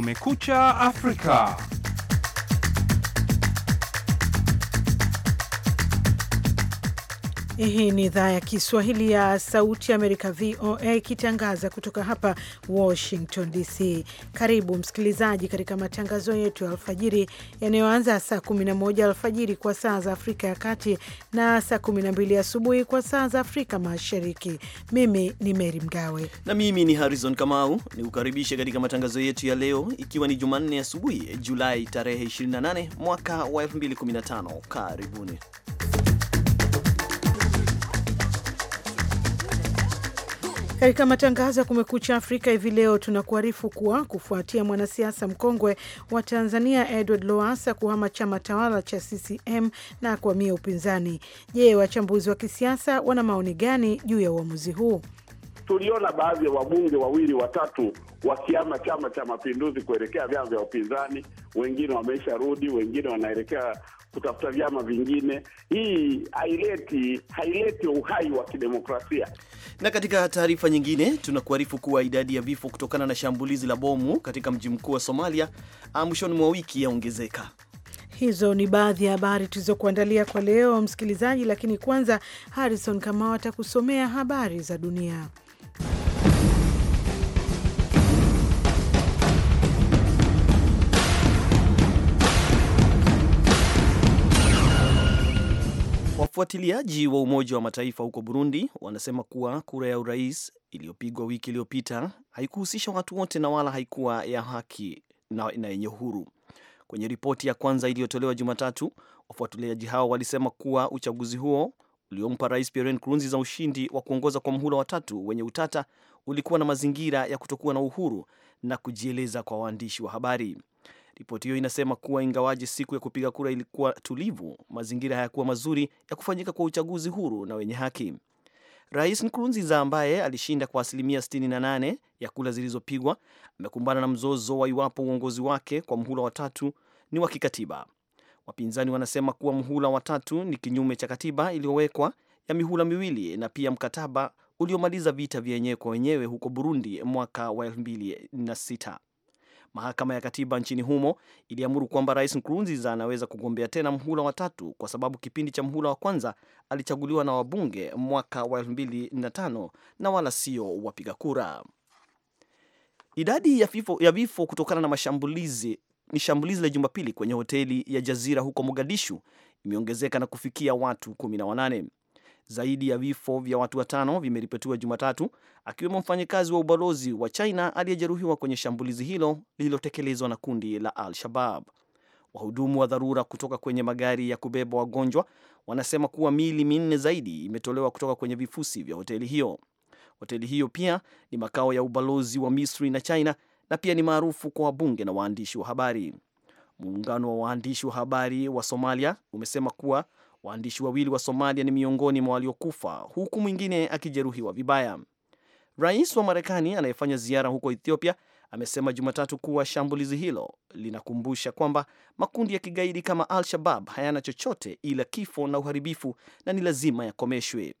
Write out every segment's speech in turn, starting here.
Kumekucha Afrika. Hii ni idhaa ya Kiswahili ya Sauti ya Amerika, VOA, ikitangaza kutoka hapa Washington DC. Karibu msikilizaji katika matangazo yetu ya alfajiri yanayoanza saa 11 alfajiri kwa saa za Afrika ya Kati na saa 12 asubuhi kwa saa za Afrika Mashariki. Mimi ni Meri Mgawe na mimi ni Harrison Kamau, ni kukaribisha katika matangazo yetu ya leo, ikiwa ni Jumanne asubuhi Julai tarehe 28 mwaka wa 2015. Karibuni. Katika matangazo ya Kumekucha Afrika hivi leo tunakuarifu kuwa kufuatia mwanasiasa mkongwe wa Tanzania Edward Lowassa kuhama chama tawala cha CCM na kuhamia upinzani, je, wachambuzi wa kisiasa wana maoni gani juu ya uamuzi huu? Tuliona baadhi ya wabunge wawili watatu wakiama Chama cha Mapinduzi kuelekea vyama vya upinzani. Wengine wameisha rudi, wengine wanaelekea kutafuta vyama vingine. Hii haileti haileti uhai wa kidemokrasia. Na katika taarifa nyingine, tunakuarifu kuwa idadi ya vifo kutokana na shambulizi la bomu katika mji mkuu wa Somalia ah, mwishoni mwa wiki yaongezeka. Hizo ni baadhi ya habari tulizokuandalia kwa leo, msikilizaji, lakini kwanza Harrison Kamau atakusomea habari za dunia. Wafuatiliaji wa Umoja wa Mataifa huko Burundi wanasema kuwa kura ya urais iliyopigwa wiki iliyopita haikuhusisha watu wote na wala haikuwa ya haki na yenye uhuru. Kwenye ripoti ya kwanza iliyotolewa Jumatatu, wafuatiliaji hao walisema kuwa uchaguzi huo uliompa Rais Pierre Nkurunziza ushindi wa kuongoza kwa mhula watatu wenye utata ulikuwa na mazingira ya kutokuwa na uhuru na kujieleza kwa waandishi wa habari. Ripoti hiyo inasema kuwa ingawaje siku ya kupiga kura ilikuwa tulivu, mazingira hayakuwa mazuri ya kufanyika kwa uchaguzi huru na wenye haki. Rais Nkurunziza ambaye alishinda kwa asilimia 68 ya kura zilizopigwa amekumbana na mzozo wa iwapo uongozi wake kwa mhula watatu ni wa kikatiba. Wapinzani wanasema kuwa mhula watatu ni kinyume cha katiba iliyowekwa ya mihula miwili na pia mkataba uliomaliza vita vya wenyewe kwa wenyewe huko Burundi mwaka wa 2006. Mahakama ya Katiba nchini humo iliamuru kwamba Rais Nkurunziza anaweza kugombea tena mhula wa tatu kwa sababu kipindi cha mhula wa kwanza alichaguliwa na wabunge mwaka wa 2005 na wala sio wapiga kura. Idadi ya vifo kutokana na mashambulizi ni shambulizi la Jumapili kwenye hoteli ya Jazira huko Mogadishu imeongezeka na kufikia watu wanane zaidi ya vifo vya watu watano vimeripotiwa Jumatatu, akiwemo mfanyakazi wa ubalozi wa China aliyejeruhiwa kwenye shambulizi hilo lililotekelezwa na kundi la Al-Shabab. Wahudumu wa dharura kutoka kwenye magari ya kubeba wagonjwa wanasema kuwa miili minne zaidi imetolewa kutoka kwenye vifusi vya hoteli hiyo. Hoteli hiyo pia ni makao ya ubalozi wa Misri na China na pia ni maarufu kwa wabunge na waandishi wa habari. Muungano wa waandishi wa habari wa Somalia umesema kuwa Waandishi wawili wa Somalia ni miongoni mwa waliokufa huku mwingine akijeruhiwa vibaya. Rais wa Marekani anayefanya ziara huko Ethiopia amesema Jumatatu kuwa shambulizi hilo linakumbusha kwamba makundi ya kigaidi kama Al-Shabab hayana chochote ila kifo na uharibifu na ni lazima yakomeshwe.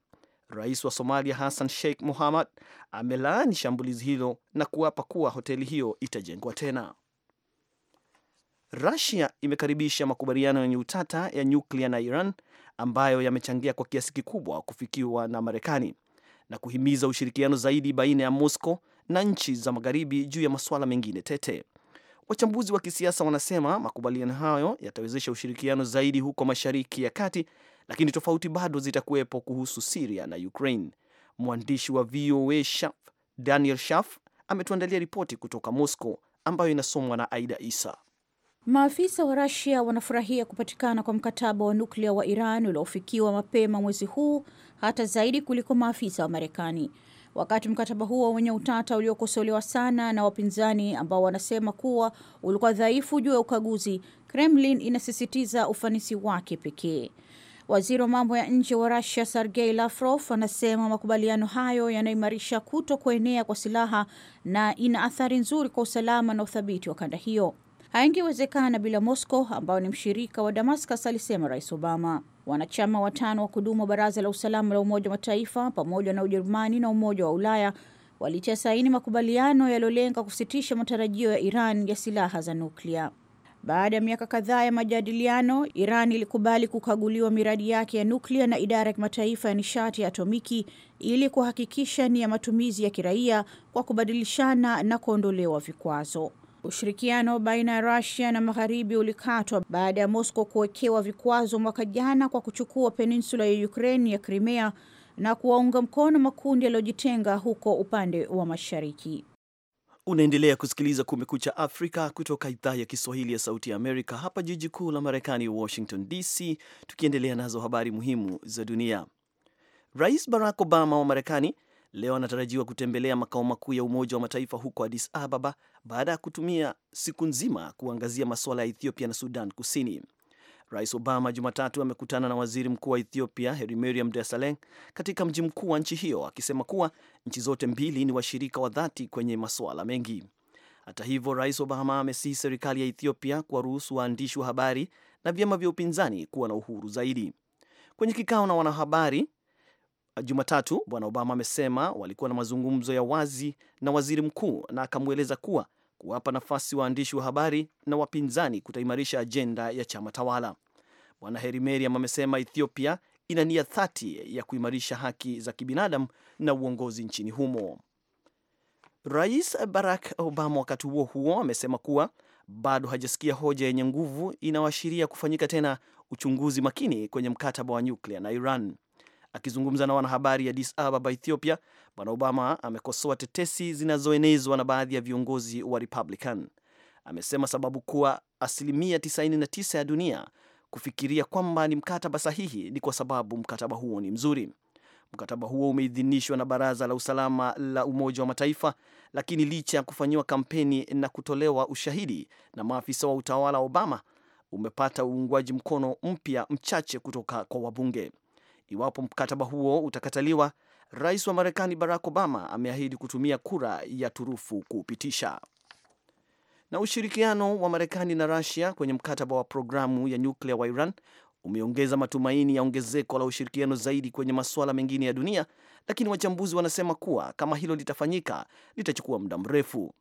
Rais wa Somalia Hassan Sheikh Muhammad amelaani shambulizi hilo na kuapa kuwa hoteli hiyo itajengwa tena. Rusia imekaribisha makubaliano yenye utata ya nyuklia na Iran ambayo yamechangia kwa kiasi kikubwa kufikiwa na Marekani na kuhimiza ushirikiano zaidi baina ya Moscow na nchi za magharibi juu ya masuala mengine tete. Wachambuzi wa kisiasa wanasema makubaliano hayo yatawezesha ushirikiano zaidi huko Mashariki ya Kati, lakini tofauti bado zitakuwepo kuhusu Siria na Ukraine. Mwandishi wa VOA Shaf, Daniel Shaf ametuandalia ripoti kutoka Moscow ambayo inasomwa na Aida Isa. Maafisa wa Rasia wanafurahia kupatikana kwa mkataba wa nuklia wa Iran uliofikiwa mapema mwezi huu hata zaidi kuliko maafisa wa Marekani, wakati mkataba huo wenye utata uliokosolewa sana na wapinzani ambao wanasema kuwa ulikuwa dhaifu juu ya ukaguzi. Kremlin inasisitiza ufanisi wake pekee. Waziri wa mambo ya nje wa Rasia Sergei Lavrov anasema makubaliano hayo yanaimarisha kuto kuenea kwa silaha na ina athari nzuri kwa usalama na uthabiti wa kanda hiyo haingewezekana bila Moscow ambao ni mshirika wa Damascus, alisema Rais Obama. Wanachama watano wa kudumu wa Baraza la Usalama la Umoja wa Mataifa pamoja na Ujerumani na Umoja wa Ulaya walitia saini makubaliano yaliyolenga kusitisha matarajio ya Iran ya silaha za nuklia. Baada ya miaka kadhaa ya majadiliano, Iran ilikubali kukaguliwa miradi yake ya nuklia na idara ya kimataifa ya nishati ya atomiki ili kuhakikisha ni ya matumizi ya kiraia kwa kubadilishana na kuondolewa vikwazo. Ushirikiano baina ya Rusia na magharibi ulikatwa baada ya Moscow kuwekewa vikwazo mwaka jana kwa kuchukua peninsula ya Ukraine ya Crimea na kuwaunga mkono makundi yaliyojitenga huko upande wa mashariki. Unaendelea kusikiliza Kumekucha Afrika kutoka idhaa ya Kiswahili ya Sauti ya Amerika, hapa jiji kuu la Marekani, Washington DC, tukiendelea nazo habari muhimu za dunia. Rais Barack Obama wa Marekani leo anatarajiwa kutembelea makao makuu ya Umoja wa Mataifa huko Addis Ababa baada ya kutumia siku nzima kuangazia masuala ya Ethiopia na Sudan Kusini. Rais Obama Jumatatu amekutana na waziri mkuu wa Ethiopia Heri Mariam Desalegn katika mji mkuu wa nchi hiyo, akisema kuwa nchi zote mbili ni washirika wa dhati kwenye masuala mengi. Hata hivyo, Rais Obama amesihi serikali ya Ethiopia kuwaruhusu waandishi wa habari na vyama vya upinzani kuwa na uhuru zaidi. Kwenye kikao na wanahabari Jumatatu, Bwana Obama amesema walikuwa na mazungumzo ya wazi na waziri mkuu na akamweleza kuwa kuwapa nafasi waandishi wa habari na wapinzani kutaimarisha ajenda ya chama tawala. Bwana Heri amesema Ethiopia ina nia dhati ya kuimarisha haki za kibinadamu na uongozi nchini humo. Rais Barack Obama wakati huo huo amesema kuwa bado hajasikia hoja yenye nguvu inayoashiria kufanyika tena uchunguzi makini kwenye mkataba wa nyuklia na Iran. Akizungumza na wanahabari Addis Ababa, Ethiopia, Bwana Obama amekosoa tetesi zinazoenezwa na baadhi ya viongozi wa Republican. Amesema sababu kuwa asilimia 99 ya dunia kufikiria kwamba ni mkataba sahihi ni kwa sababu mkataba huo ni mzuri. Mkataba huo umeidhinishwa na Baraza la Usalama la Umoja wa Mataifa, lakini licha ya kufanyiwa kampeni na kutolewa ushahidi na maafisa wa utawala wa Obama, umepata uungwaji mkono mpya mchache kutoka kwa wabunge. Iwapo mkataba huo utakataliwa, rais wa Marekani Barack Obama ameahidi kutumia kura ya turufu kuupitisha. Na ushirikiano wa Marekani na Rusia kwenye mkataba wa programu ya nyuklia wa Iran umeongeza matumaini ya ongezeko la ushirikiano zaidi kwenye masuala mengine ya dunia, lakini wachambuzi wanasema kuwa kama hilo litafanyika litachukua muda mrefu.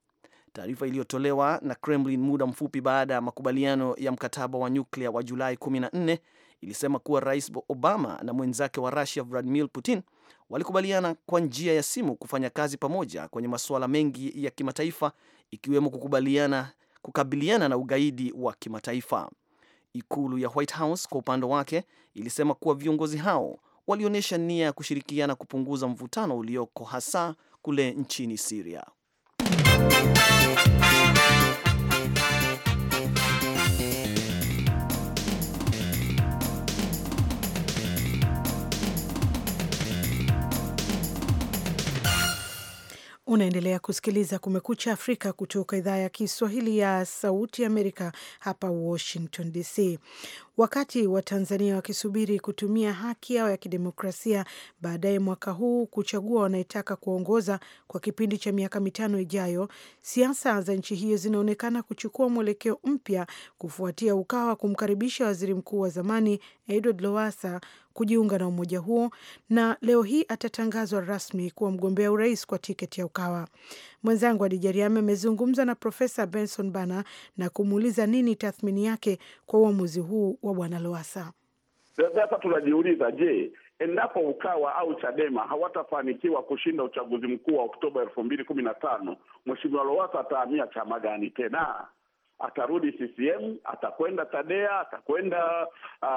Taarifa iliyotolewa na Kremlin muda mfupi baada ya makubaliano ya mkataba wa nyuklia wa Julai 14 ilisema kuwa Rais Obama na mwenzake wa Rusia Vladimir Putin walikubaliana kwa njia ya simu kufanya kazi pamoja kwenye masuala mengi ya kimataifa ikiwemo kukubaliana kukabiliana na ugaidi wa kimataifa. Ikulu ya White House kwa upande wake ilisema kuwa viongozi hao walionyesha nia ya kushirikiana kupunguza mvutano ulioko hasa kule nchini siria Unaendelea kusikiliza Kumekucha Afrika kutoka idhaa ya Kiswahili ya Sauti Amerika, hapa Washington DC. Wakati wa Tanzania wakisubiri kutumia haki yao ya kidemokrasia baadaye mwaka huu kuchagua wanayetaka kuongoza kwa kipindi cha miaka mitano ijayo, siasa za nchi hiyo zinaonekana kuchukua mwelekeo mpya kufuatia Ukawa kumkaribisha waziri mkuu wa zamani Edward Lowassa kujiunga na umoja huo na leo hii atatangazwa rasmi kuwa mgombea urais kwa tiketi ya Ukawa. Mwenzangu adijariami amezungumza na Profesa Benson Bana na kumuuliza nini tathmini yake kwa uamuzi huu wa Bwana Loasa. Sasa tunajiuliza, je, endapo Ukawa au Chadema hawatafanikiwa kushinda uchaguzi mkuu wa Oktoba elfu mbili kumi na tano, Mheshimiwa Lowasa atahamia chama gani tena? atarudi CCM, atakwenda Tadea, atakwenda uh,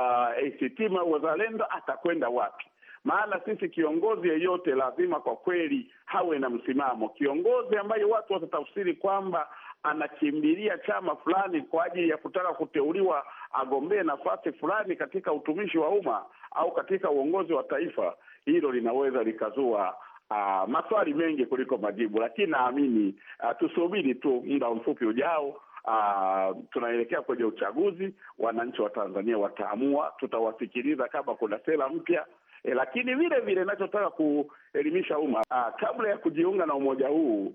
ACT Wazalendo, atakwenda wapi? Maana sisi kiongozi yeyote lazima kwa kweli hawe na msimamo. Kiongozi ambaye watu watatafsiri kwamba anakimbilia chama fulani kwa ajili ya kutaka kuteuliwa agombee nafasi fulani katika utumishi wa umma au katika uongozi wa taifa, hilo linaweza likazua uh, maswali mengi kuliko majibu, lakini naamini uh, tusubiri tu muda mfupi ujao Ah, tunaelekea kwenye uchaguzi. Wananchi wa Tanzania wataamua, tutawasikiliza kama kuna sera mpya e, lakini vile vile nachotaka kuelimisha umma ah, kabla ya kujiunga na umoja huu,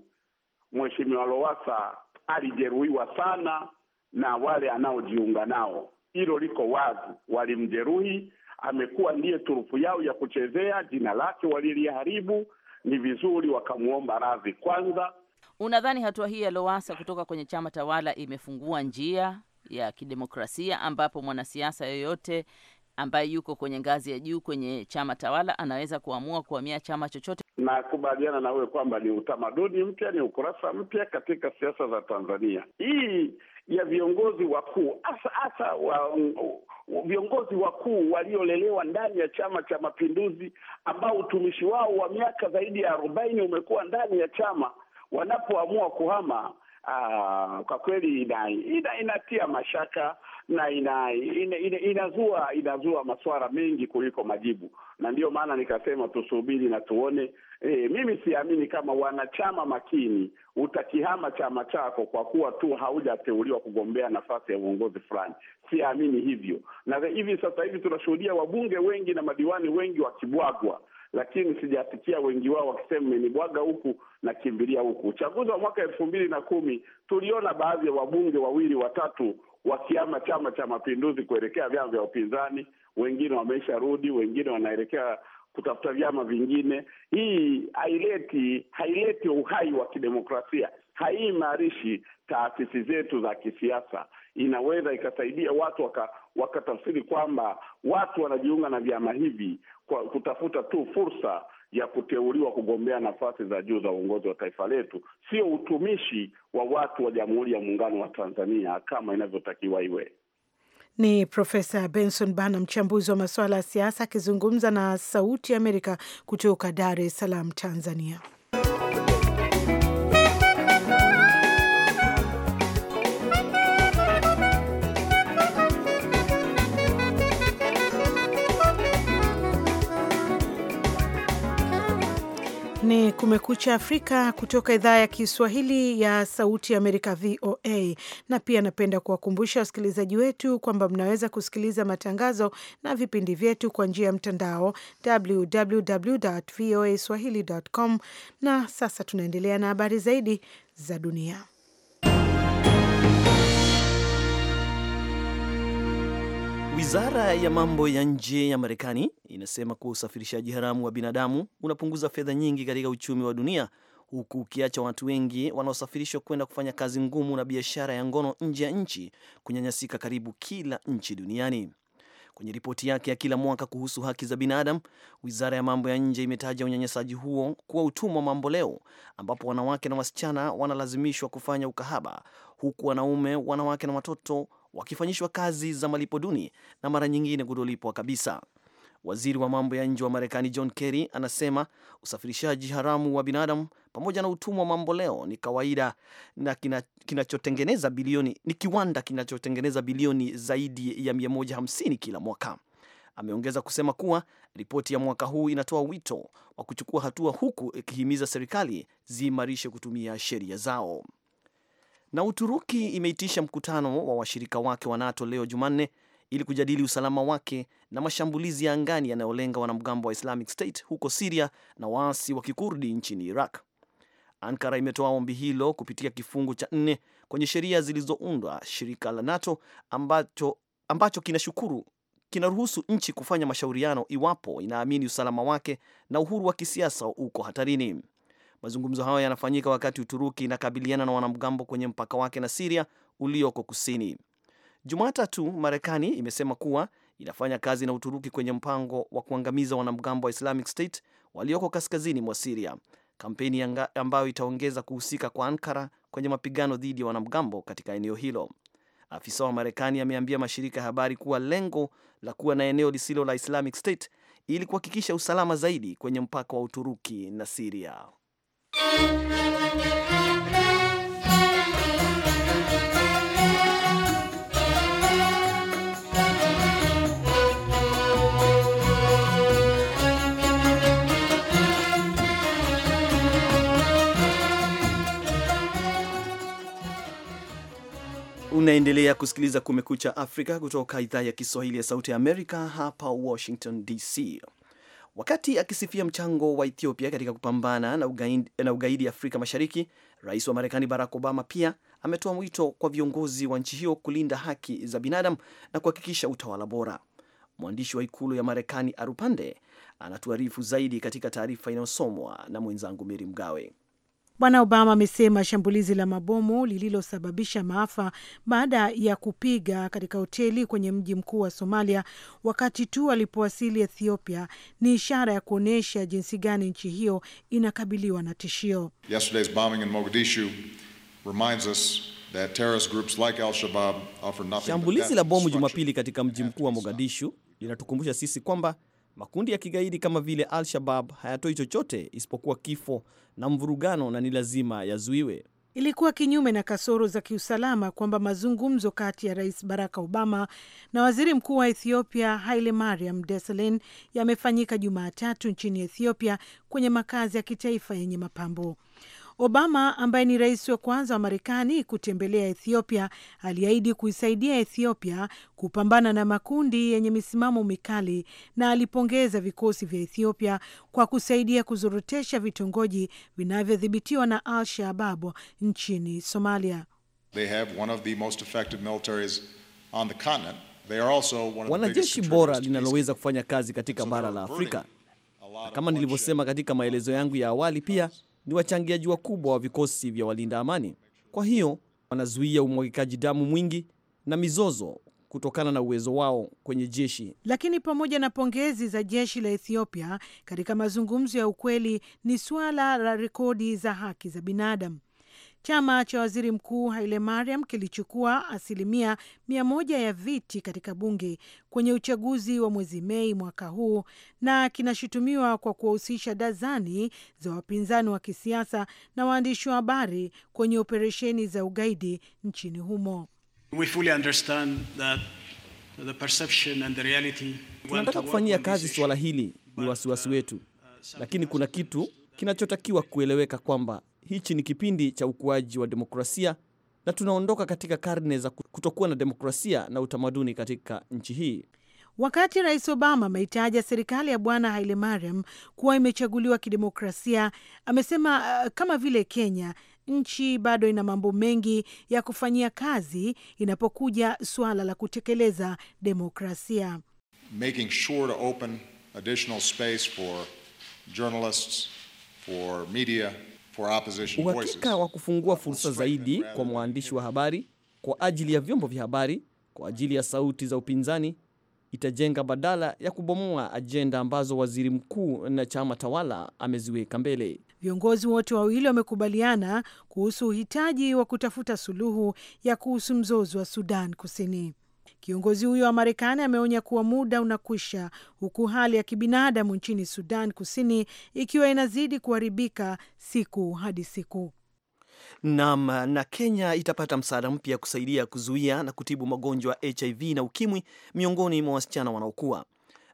Mheshimiwa lowasa alijeruhiwa sana na wale anaojiunga nao, hilo liko wazi, walimjeruhi. Amekuwa ndiye turufu yao ya kuchezea, jina lake waliliharibu. Ni vizuri wakamwomba radhi kwanza Unadhani hatua hii ya Lowasa kutoka kwenye chama tawala imefungua njia ya kidemokrasia ambapo mwanasiasa yoyote ambaye yuko kwenye ngazi ya juu kwenye chama tawala anaweza kuamua kuhamia chama chochote. Nakubaliana na wewe kwamba ni utamaduni mpya, ni ukurasa mpya katika siasa za Tanzania hii ya viongozi wakuu, hasa hasa wa viongozi wakuu waliolelewa ndani ya Chama cha Mapinduzi, ambao utumishi wao wa miaka zaidi ya arobaini umekuwa ndani ya chama wanapoamua kuhama Uh, kwa kweli ina, ina, inatia mashaka na ina, ina, ina, inazua inazua masuala mengi kuliko majibu, na ndiyo maana nikasema tusubiri na tuone. E, mimi siamini kama wanachama makini utakihama chama chako kwa kuwa tu haujateuliwa kugombea nafasi ya uongozi fulani. Siamini hivyo, na hivi sasa hivi tunashuhudia wabunge wengi na madiwani wengi wakibwagwa lakini sijasikia wengi wao wakisema menibwaga huku na kimbilia huku. Uchaguzi wa mwaka elfu mbili na kumi tuliona baadhi ya wabunge wawili watatu wakiama Chama cha Mapinduzi kuelekea vyama vya upinzani, wengine wameisha rudi, wengine wanaelekea kutafuta vyama vingine. Hii haileti haileti uhai wa kidemokrasia, haiimarishi taasisi zetu za kisiasa. Inaweza ikasaidia watu wakatafsiri waka kwamba watu wanajiunga na vyama hivi kwa kutafuta tu fursa ya kuteuliwa kugombea nafasi za juu za uongozi wa taifa letu, sio utumishi wa watu wa Jamhuri ya Muungano wa Tanzania kama inavyotakiwa iwe. Ni Profesa Benson Bana, mchambuzi wa masuala ya siasa, akizungumza na Sauti ya Amerika kutoka Dar es Salaam, Tanzania. Ni Kumekucha Afrika kutoka idhaa ya Kiswahili ya Sauti ya Amerika, VOA. Na pia napenda kuwakumbusha wasikilizaji wetu kwamba mnaweza kusikiliza matangazo na vipindi vyetu kwa njia ya mtandao www.voaswahili.com. Na sasa tunaendelea na habari zaidi za dunia. Wizara ya mambo ya nje ya Marekani inasema kuwa usafirishaji haramu wa binadamu unapunguza fedha nyingi katika uchumi wa dunia huku ukiacha watu wengi wanaosafirishwa kwenda kufanya kazi ngumu na biashara ya ngono nje ya nchi kunyanyasika karibu kila nchi duniani. Kwenye ripoti yake ya kila mwaka kuhusu haki za binadamu, wizara ya mambo ya nje imetaja unyanyasaji huo kuwa utumwa mamboleo, ambapo wanawake na wasichana wanalazimishwa kufanya ukahaba, huku wanaume, wanawake na watoto wakifanyishwa kazi za malipo duni na mara nyingine kutolipwa kabisa. Waziri wa mambo ya nje wa Marekani John Kerry anasema usafirishaji haramu wa binadamu pamoja na utumwa mambo leo ni kawaida na kinachotengeneza kina bilioni ni kiwanda kinachotengeneza bilioni zaidi ya 150 kila mwaka. Ameongeza kusema kuwa ripoti ya mwaka huu inatoa wito wa kuchukua hatua, huku ikihimiza serikali ziimarishe kutumia sheria zao. Na Uturuki imeitisha mkutano wa washirika wake wa NATO leo Jumanne ili kujadili usalama wake na mashambulizi ya angani yanayolenga wanamgambo wa Islamic State huko Siria na waasi wa Kikurdi nchini Iraq. Ankara imetoa ombi hilo kupitia kifungu cha nne kwenye sheria zilizoundwa shirika la NATO ambacho, ambacho kinashukuru kinaruhusu nchi kufanya mashauriano iwapo inaamini usalama wake na uhuru wa kisiasa uko hatarini. Mazungumzo hayo yanafanyika wakati Uturuki inakabiliana na wanamgambo kwenye mpaka wake na Siria ulioko kusini. Jumatatu, Marekani imesema kuwa inafanya kazi na Uturuki kwenye mpango wa kuangamiza wanamgambo wa Islamic State walioko kaskazini mwa Siria, kampeni ambayo itaongeza kuhusika kwa Ankara kwenye mapigano dhidi ya wanamgambo katika eneo hilo. Afisa wa Marekani ameambia mashirika ya habari kuwa lengo la kuwa na eneo lisilo la Islamic State ili kuhakikisha usalama zaidi kwenye mpaka wa Uturuki na Siria. Unaendelea kusikiliza Kumekucha Afrika kutoka idhaa ya Kiswahili ya Sauti ya Amerika hapa Washington DC. Wakati akisifia mchango wa Ethiopia katika kupambana na ugaidi, na ugaidi Afrika Mashariki, rais wa Marekani Barack Obama pia ametoa mwito kwa viongozi wa nchi hiyo kulinda haki za binadamu na kuhakikisha utawala bora. Mwandishi wa ikulu ya Marekani Arupande anatuarifu zaidi katika taarifa inayosomwa na mwenzangu Meri Mgawe. Bwana Obama amesema shambulizi la mabomu lililosababisha maafa baada ya kupiga katika hoteli kwenye mji mkuu wa Somalia wakati tu alipowasili Ethiopia ni ishara ya kuonyesha jinsi gani nchi hiyo inakabiliwa na tishio. Yesterday's bombing in Mogadishu reminds us that terrorist groups like Al-Shabaab offer nothing. Shambulizi la bomu Jumapili katika mji mkuu wa Mogadishu linatukumbusha sisi kwamba Makundi ya kigaidi kama vile Al-Shabab hayatoi chochote isipokuwa kifo na mvurugano, na ni lazima yazuiwe. Ilikuwa kinyume na kasoro za kiusalama kwamba mazungumzo kati ya Rais Barack Obama na waziri mkuu wa Ethiopia Haile Mariam Desalegn yamefanyika Jumatatu nchini Ethiopia kwenye makazi ya kitaifa yenye mapambo. Obama ambaye ni rais wa kwanza wa Marekani kutembelea Ethiopia aliahidi kuisaidia Ethiopia kupambana na makundi yenye misimamo mikali na alipongeza vikosi vya Ethiopia kwa kusaidia kuzorotesha vitongoji vinavyodhibitiwa na Al Shababu nchini Somalia. wanajeshi bora linaloweza kufanya kazi katika bara la Afrika. Kama nilivyosema katika maelezo yangu ya awali, pia ni wachangiaji wakubwa wa vikosi vya walinda amani. Kwa hiyo wanazuia umwagikaji damu mwingi na mizozo kutokana na uwezo wao kwenye jeshi. Lakini pamoja na pongezi za jeshi la Ethiopia katika mazungumzo ya ukweli, ni suala la rekodi za haki za binadamu. Chama cha waziri mkuu Haile Mariam kilichukua asilimia mia moja ya viti katika bunge kwenye uchaguzi wa mwezi Mei mwaka huu na kinashutumiwa kwa kuwahusisha dazani za wapinzani wa kisiasa na waandishi wa habari kwenye operesheni za ugaidi nchini humo. We fully understand that the perception and the reality. Tunataka kufanyia kazi suala hili, ni wasiwasi uh, wetu, lakini kuna kitu Kinachotakiwa kueleweka kwamba hichi ni kipindi cha ukuaji wa demokrasia na tunaondoka katika karne za kutokuwa na demokrasia na utamaduni katika nchi hii. Wakati Rais Obama ameitaja serikali ya Bwana Haile Mariam kuwa imechaguliwa kidemokrasia, amesema uh, kama vile Kenya, nchi bado ina mambo mengi ya kufanyia kazi inapokuja suala la kutekeleza demokrasia. Making sure to open additional space for journalists for media, for opposition voices. Uhakika wa kufungua fursa zaidi kwa mwandishi wa habari kwa ajili ya vyombo vya habari kwa ajili ya sauti za upinzani itajenga badala ya kubomoa ajenda ambazo waziri mkuu na chama tawala ameziweka mbele. Viongozi wote wawili wamekubaliana kuhusu uhitaji wa kutafuta suluhu ya kuhusu mzozo wa Sudan Kusini. Kiongozi huyo wa Marekani ameonya kuwa muda unakwisha, huku hali ya kibinadamu nchini Sudan Kusini ikiwa inazidi kuharibika siku hadi siku. Naam, na Kenya itapata msaada mpya kusaidia kuzuia na kutibu magonjwa HIV na ukimwi miongoni mwa wasichana wanaokuwa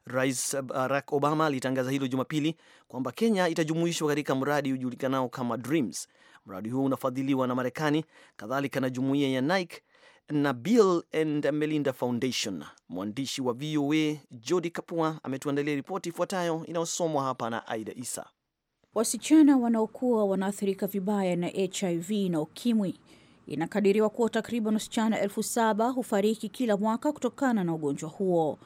Rais Barack Obama alitangaza hilo Jumapili kwamba Kenya itajumuishwa katika mradi ujulikanao kama Dreams. Mradi huu unafadhiliwa na Marekani, kadhalika na jumuiya ya Nike na Bill and Melinda Foundation. Mwandishi wa VOA Jodi Kapua ametuandalia ripoti ifuatayo inayosomwa hapa na Aida Isa. Wasichana wanaokuwa wanaathirika vibaya na HIV na ukimwi, inakadiriwa kuwa takriban wasichana elfu saba hufariki kila mwaka kutokana na ugonjwa huo.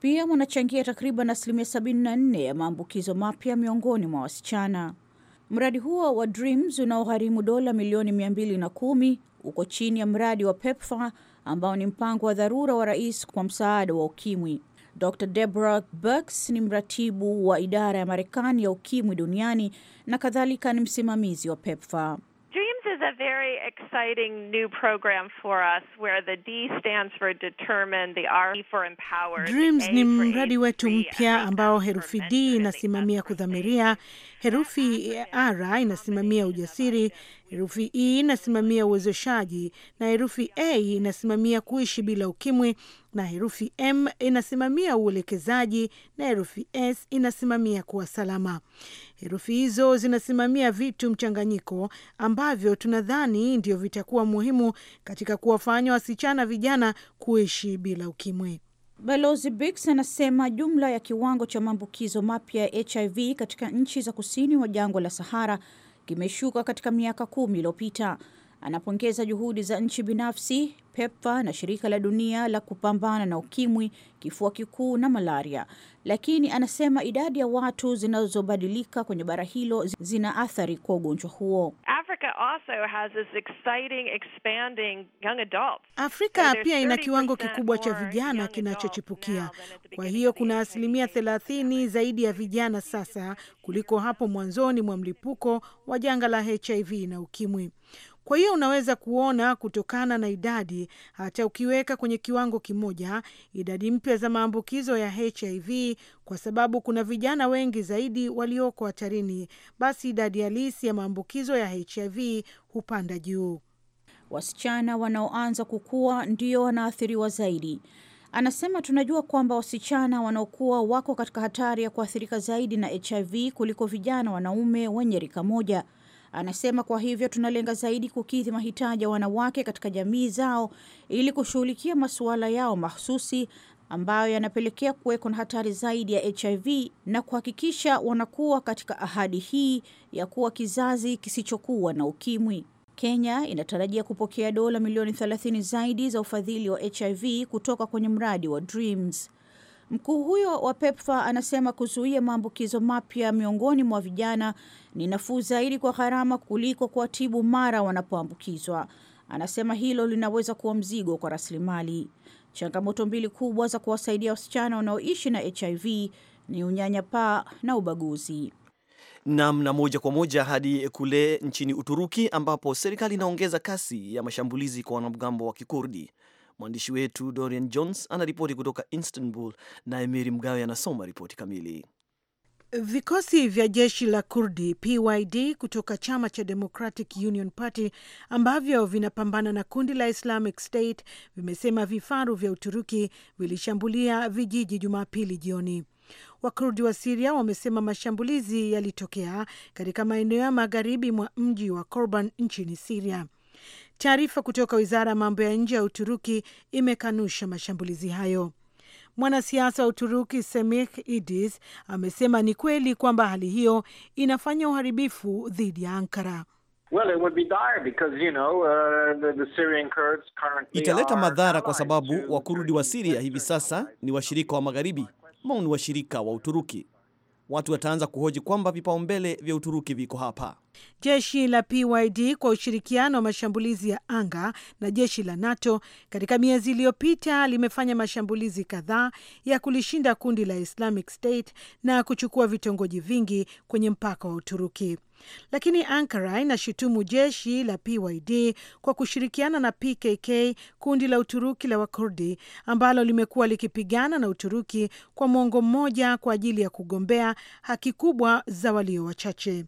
Pia wanachangia takriban asilimia 74 ya maambukizo mapya miongoni mwa wasichana. Mradi huo wa Dreams unaogharimu dola milioni 210 uko chini ya mradi wa PEPFAR ambao ni mpango wa dharura wa rais kwa msaada wa ukimwi. Dr Deborah Birx ni mratibu wa idara ya Marekani ya ukimwi duniani na kadhalika ni msimamizi wa PEPFAR. a very exciting new program for us where the D stands for determined, the R e for empowered. Dreams ni mradi wetu mpya ambao herufi D inasimamia kudhamiria, Herufi R inasimamia ujasiri, herufi E inasimamia uwezeshaji, na herufi A inasimamia kuishi bila ukimwi, na herufi M inasimamia uelekezaji, na herufi S inasimamia kuwa salama. Herufi hizo zinasimamia vitu mchanganyiko ambavyo tunadhani ndio vitakuwa muhimu katika kuwafanya wasichana vijana kuishi bila ukimwi. Balozi bix anasema jumla ya kiwango cha maambukizo mapya ya HIV katika nchi za kusini mwa jangwa la Sahara kimeshuka katika miaka kumi iliyopita anapongeza juhudi za nchi binafsi, PEPFA na shirika la dunia la kupambana na ukimwi, kifua kikuu na malaria, lakini anasema idadi ya watu zinazobadilika kwenye bara hilo zina athari kwa ugonjwa huo. Afrika pia ina kiwango kikubwa cha vijana kinachochipukia. Kwa hiyo kuna asilimia thelathini zaidi ya vijana sasa kuliko hapo mwanzoni mwa mlipuko wa janga la HIV na ukimwi. Kwa hiyo unaweza kuona kutokana na idadi, hata ukiweka kwenye kiwango kimoja idadi mpya za maambukizo ya HIV, kwa sababu kuna vijana wengi zaidi walioko hatarini, basi idadi halisi ya maambukizo ya HIV hupanda juu. Wasichana wanaoanza kukua ndio wanaathiriwa zaidi. Anasema tunajua kwamba wasichana wanaokuwa wako katika hatari ya kuathirika zaidi na HIV kuliko vijana wanaume wenye rika moja. Anasema kwa hivyo tunalenga zaidi kukidhi mahitaji ya wanawake katika jamii zao ili kushughulikia masuala yao mahususi ambayo yanapelekea kuweko na hatari zaidi ya HIV na kuhakikisha wanakuwa katika ahadi hii ya kuwa kizazi kisichokuwa na ukimwi. Kenya inatarajia kupokea dola milioni 30 zaidi za ufadhili wa HIV kutoka kwenye mradi wa DREAMS. Mkuu huyo wa PEPFA anasema kuzuia maambukizo mapya miongoni mwa vijana ni nafuu zaidi kwa gharama kuliko kuwatibu mara wanapoambukizwa. Anasema hilo linaweza kuwa mzigo kwa rasilimali. Changamoto mbili kubwa za kuwasaidia wasichana wanaoishi na HIV ni unyanyapaa na ubaguzi. Nam na moja kwa moja hadi kule nchini Uturuki ambapo serikali inaongeza kasi ya mashambulizi kwa wanamgambo wa Kikurdi. Mwandishi wetu Dorian Jones anaripoti kutoka Istanbul, naye Meri Mgawe anasoma ripoti kamili. Vikosi vya jeshi la Kurdi PYD kutoka chama cha Democratic Union Party ambavyo vinapambana na kundi la Islamic State vimesema vifaru vya Uturuki vilishambulia vijiji Jumapili jioni. Wakurdi wa Siria wamesema mashambulizi yalitokea katika maeneo ya magharibi mwa mji wa Korban nchini Siria. Taarifa kutoka wizara ya mambo ya nje ya Uturuki imekanusha mashambulizi hayo. Mwanasiasa wa Uturuki Semih idis amesema ni kweli kwamba hali hiyo inafanya uharibifu dhidi ya Ankara. Well, you know, uh, italeta madhara kwa sababu wakurudi wa Siria hivi sasa ni washirika wa Magharibi mao ni washirika wa Uturuki watu wataanza kuhoji kwamba vipaumbele vya Uturuki viko hapa. Jeshi la PYD kwa ushirikiano wa mashambulizi ya anga na jeshi la NATO katika miezi iliyopita limefanya mashambulizi kadhaa ya kulishinda kundi la Islamic State na kuchukua vitongoji vingi kwenye mpaka wa Uturuki. Lakini Ankara inashutumu jeshi la PYD kwa kushirikiana na PKK, kundi la Uturuki la Wakurdi ambalo limekuwa likipigana na Uturuki kwa mwongo mmoja kwa ajili ya kugombea haki kubwa za walio wachache.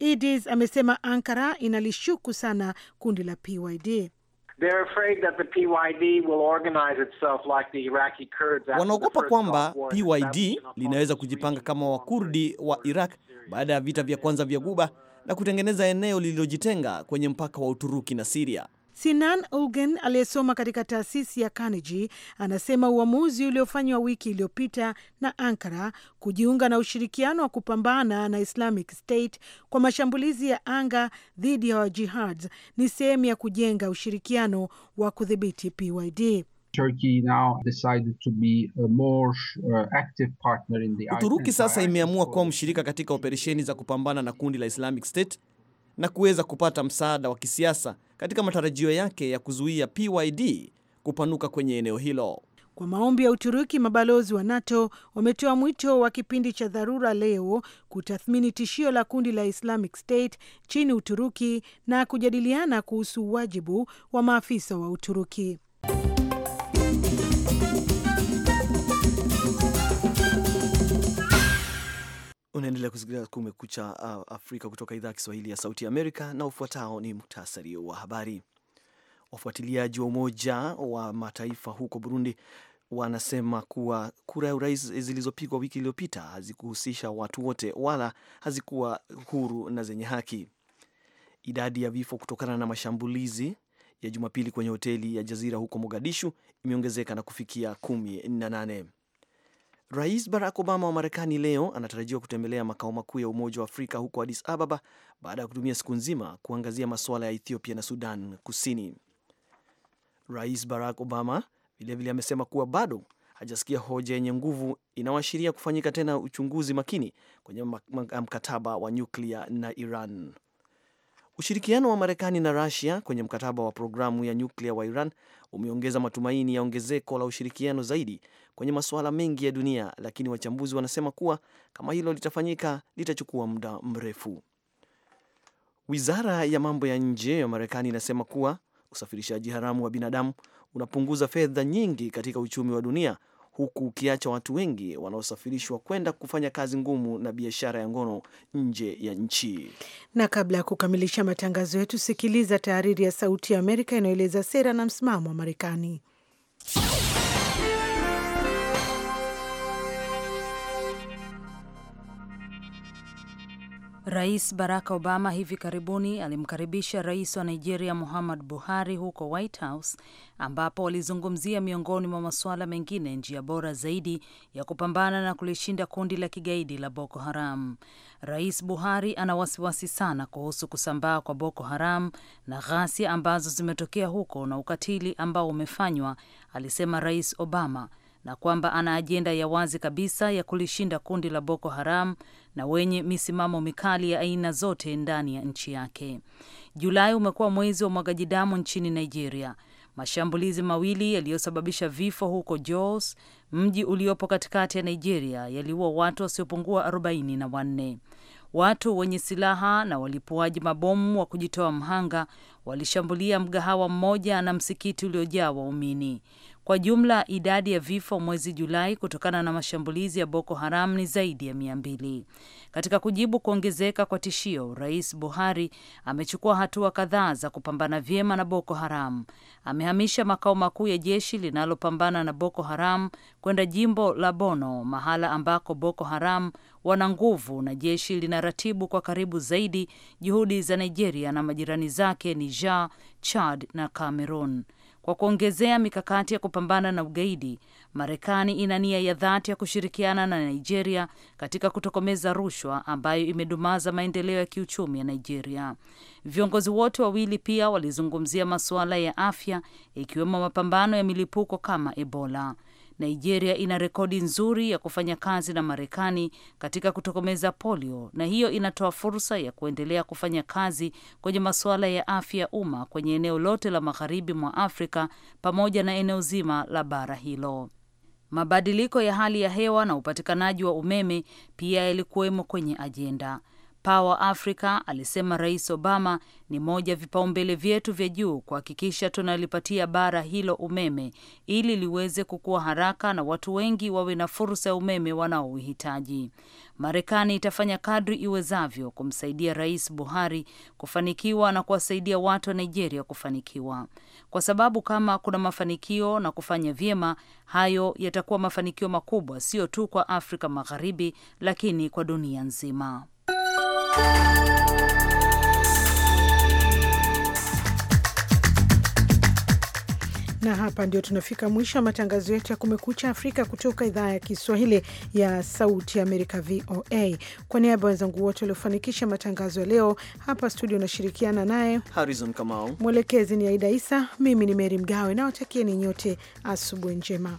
edis amesema Ankara inalishuku sana kundi la PYD. They're afraid that the PYD will organize itself like the Iraqi Kurds. Wanaogopa kwamba PYD linaweza kujipanga kama Wakurdi wa Iraq baada ya vita vya kwanza vya guba na kutengeneza eneo lililojitenga kwenye mpaka wa Uturuki na Siria. Sinan ugen aliyesoma katika taasisi ya Carnegie anasema uamuzi uliofanywa wiki iliyopita na Ankara kujiunga na ushirikiano wa kupambana na Islamic State kwa mashambulizi ya anga dhidi ya wajihad ni sehemu ya kujenga ushirikiano wa kudhibiti PYD. Uh, Uturuki sasa imeamua kuwa mshirika katika operesheni za kupambana na kundi la Islamic State na kuweza kupata msaada wa kisiasa katika matarajio yake ya kuzuia PYD kupanuka kwenye eneo hilo. Kwa maombi ya Uturuki, mabalozi wa NATO wametoa mwito wa kipindi cha dharura leo kutathmini tishio la kundi la Islamic State chini Uturuki na kujadiliana kuhusu wajibu wa maafisa wa Uturuki. Unaendelea kusikiliza Kumekucha uh, Afrika kutoka idhaa ya Kiswahili ya Sauti Amerika, na ufuatao ni muktasari wa habari. Wafuatiliaji wa Umoja wa Mataifa huko Burundi wanasema kuwa kura ya urais zilizopigwa wiki iliyopita hazikuhusisha watu wote wala hazikuwa huru na zenye haki. Idadi ya vifo kutokana na mashambulizi ya Jumapili kwenye hoteli ya Jazira huko Mogadishu imeongezeka na kufikia kumi na nane. Rais Barack Obama wa Marekani leo anatarajiwa kutembelea makao makuu ya Umoja wa Afrika huko Addis Ababa baada ya kutumia siku nzima kuangazia masuala ya Ethiopia na Sudan Kusini. Rais Barack Obama vilevile amesema kuwa bado hajasikia hoja yenye nguvu inayoashiria kufanyika tena uchunguzi makini kwenye mkataba wa nyuklia na Iran. Ushirikiano wa Marekani na Rusia kwenye mkataba wa programu ya nyuklia wa Iran umeongeza matumaini ya ongezeko la ushirikiano zaidi kwenye masuala mengi ya dunia, lakini wachambuzi wanasema kuwa kama hilo litafanyika litachukua muda mrefu. Wizara ya mambo ya nje ya Marekani inasema kuwa usafirishaji haramu wa binadamu unapunguza fedha nyingi katika uchumi wa dunia huku ukiacha watu wengi wanaosafirishwa kwenda kufanya kazi ngumu na biashara ya ngono nje ya nchi. Na kabla ya kukamilisha matangazo yetu, sikiliza tahariri ya Sauti ya Amerika inayoeleza sera na msimamo wa Marekani. Rais Barack Obama hivi karibuni alimkaribisha rais wa Nigeria Muhammad Buhari huko White House, ambapo walizungumzia miongoni mwa masuala mengine, njia bora zaidi ya kupambana na kulishinda kundi la kigaidi la Boko Haram. Rais Buhari ana wasiwasi sana kuhusu kusambaa kwa Boko Haram na ghasia ambazo zimetokea huko na ukatili ambao umefanywa, alisema Rais Obama na kwamba ana ajenda ya wazi kabisa ya kulishinda kundi la Boko Haram na wenye misimamo mikali ya aina zote ndani ya nchi yake. Julai umekuwa mwezi wa mwagaji damu nchini Nigeria. Mashambulizi mawili yaliyosababisha vifo huko Jos, mji uliopo katikati ya Nigeria, yaliua watu wasiopungua arobaini na wanne. Watu wenye silaha na walipuaji mabomu wa kujitoa mhanga walishambulia mgahawa mmoja na msikiti uliojaa waumini. Kwa jumla idadi ya vifo mwezi Julai kutokana na mashambulizi ya Boko Haram ni zaidi ya mia mbili. Katika kujibu kuongezeka kwa tishio, Rais Buhari amechukua hatua kadhaa za kupambana vyema na Boko Haram. Amehamisha makao makuu ya jeshi linalopambana na Boko Haram kwenda jimbo la Bono, mahala ambako Boko Haram wana nguvu na jeshi linaratibu kwa karibu zaidi juhudi za Nigeria na majirani zake Niger, Chad na Cameroon. Kwa kuongezea mikakati ya kupambana na ugaidi, Marekani ina nia ya dhati ya kushirikiana na Nigeria katika kutokomeza rushwa ambayo imedumaza maendeleo ya kiuchumi ya Nigeria. Viongozi wote wawili pia walizungumzia masuala ya afya, ikiwemo mapambano ya milipuko kama Ebola. Nigeria ina rekodi nzuri ya kufanya kazi na Marekani katika kutokomeza polio, na hiyo inatoa fursa ya kuendelea kufanya kazi kwenye masuala ya afya ya umma kwenye eneo lote la magharibi mwa Afrika pamoja na eneo zima la bara hilo. Mabadiliko ya hali ya hewa na upatikanaji wa umeme pia yalikuwemo kwenye ajenda. Power Africa alisema Rais Obama, ni moja vipaumbele vyetu vya juu kuhakikisha tunalipatia bara hilo umeme ili liweze kukua haraka na watu wengi wawe na fursa ya umeme wanaouhitaji. Marekani itafanya kadri iwezavyo kumsaidia Rais Buhari kufanikiwa na kuwasaidia watu wa Nigeria kufanikiwa, kwa sababu kama kuna mafanikio na kufanya vyema, hayo yatakuwa mafanikio makubwa, sio tu kwa Afrika Magharibi, lakini kwa dunia nzima na hapa ndio tunafika mwisho wa matangazo yetu ya Kumekucha Afrika kutoka idhaa ya Kiswahili ya Sauti ya Amerika, VOA. Kwa niaba ya wenzangu wote waliofanikisha matangazo ya leo hapa studio, unashirikiana naye Harrison Kamau, mwelekezi ni Aida Isa, mimi ni Meri Mgawe, nawatakieni nyote asubuhi njema.